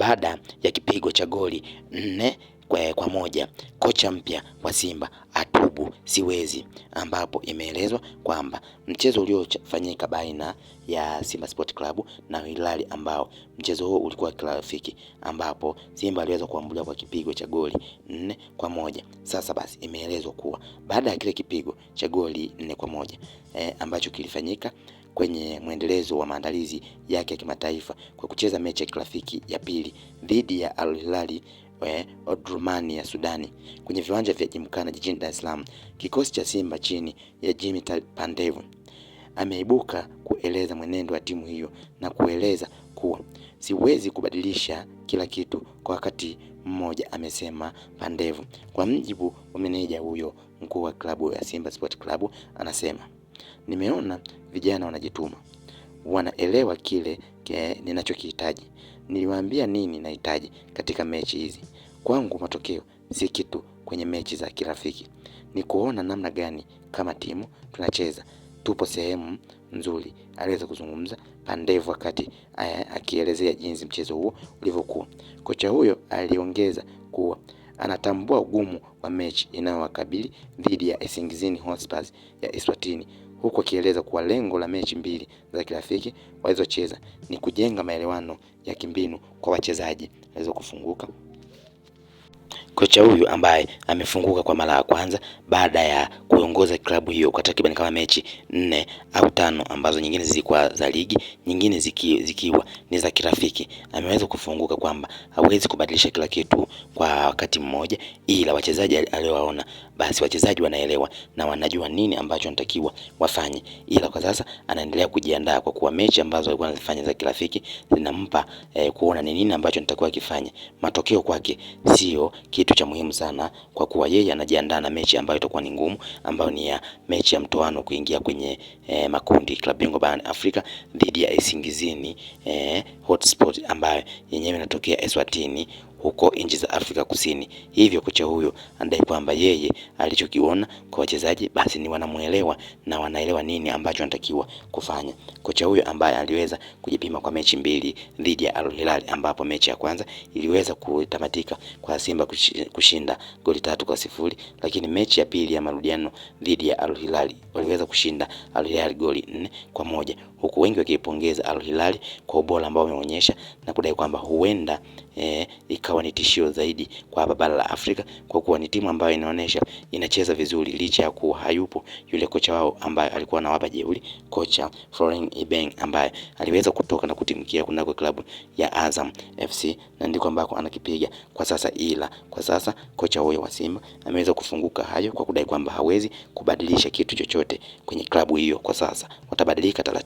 baada ya kipigo cha goli nne kwa, kwa moja kocha mpya wa Simba atubu siwezi, ambapo imeelezwa kwamba mchezo uliofanyika baina ya Simba Sport Club na Hilali, ambao mchezo huo ulikuwa kirafiki, ambapo Simba aliweza kuambulia kwa kipigo cha goli nne kwa moja. Sasa basi, imeelezwa kuwa baada ya kile kipigo cha goli nne kwa moja eh, ambacho kilifanyika kwenye mwendelezo wa maandalizi yake ya kimataifa kwa kucheza mechi ya kirafiki ya pili dhidi ya Al Hilali eh, Omdurman ya Sudani kwenye viwanja vya jimkana jijini Dar es Salaam. Kikosi cha Simba chini ya Jimmy Pandevu ameibuka kueleza mwenendo wa timu hiyo na kueleza kuwa siwezi kubadilisha kila kitu kwa wakati mmoja, amesema Pandevu. Kwa mjibu wa meneja huyo mkuu wa klabu ya Simba Sport Club, anasema Nimeona vijana wanajituma, wanaelewa kile ninachokihitaji. Niliwaambia nini nahitaji katika mechi hizi. Kwangu matokeo si kitu kwenye mechi za kirafiki, ni kuona namna gani kama timu tunacheza. Tupo sehemu nzuri, aliweza kuzungumza Pandevu wakati eh, akielezea jinsi mchezo huo ulivyokuwa. Kocha huyo aliongeza kuwa anatambua ugumu wa mechi inayowakabili dhidi ya Esingizini Hotspurs ya Eswatini huku akieleza kuwa lengo la mechi mbili za kirafiki walizocheza ni kujenga maelewano ya kimbinu kwa wachezaji waweze kufunguka. Kocha huyu ambaye amefunguka kwa mara ya kwanza baada ya kuongoza klabu hiyo kwa takriban kama mechi nne au tano ambazo nyingine zilikuwa za ligi, nyingine ziki, zikiwa ni za kirafiki, ameweza kufunguka kwamba hawezi kubadilisha kila kitu kwa wakati mmoja, ila wachezaji aliowaona basi wachezaji wanaelewa na wanajua nini ambacho wanatakiwa wafanye, ila kwa sasa anaendelea kujiandaa kwa kuwa mechi ambazo alikuwa anazifanya za kirafiki zinampa eh, kuona ni nini ambacho anatakiwa akifanye. Matokeo kwake sio kitu cha muhimu sana, kwa kuwa yeye anajiandaa na mechi ambayo itakuwa ni ngumu, ambayo ni ya mechi ya mtoano kuingia kwenye eh, makundi klabu bingwa barani Afrika dhidi ya Isingizini eh, Hotspot ambayo yenyewe inatokea Eswatini huko nchi za Afrika Kusini. Hivyo kocha huyo anadai kwamba yeye alichokiona kwa wachezaji basi ni wanamwelewa na wanaelewa nini ambacho anatakiwa kufanya. Kocha huyo ambaye aliweza kujipima kwa mechi mbili dhidi ya Al Hilal, ambapo mechi ya kwanza iliweza kutamatika kwa Simba kushinda goli tatu kwa sifuri, lakini mechi ya pili ya marudiano dhidi ya Al Hilal waliweza kushinda Al Hilal goli nne kwa moja huku wengi wakiipongeza Al Hilal kwa ubora ambao wameonyesha na kudai kwamba huenda e, ikawa ni tishio zaidi kwa hapa bara la Afrika kwa kuwa ni timu ambayo inaonyesha inacheza vizuri licha ya kuwa hayupo yule kocha wao ambaye alikuwa anawapa jeuri, kocha Florent Ibeng ambaye aliweza kutoka na kutimkia kunako klabu ya Azam FC na ndiko ambako anakipiga kwa sasa, ila kwa sasa kocha huyo wa Simba ameweza kufunguka hayo kwa kudai kwamba hawezi kubadilisha kitu chochote kwenye klabu hiyo kwa sasa, watabadilika taratibu.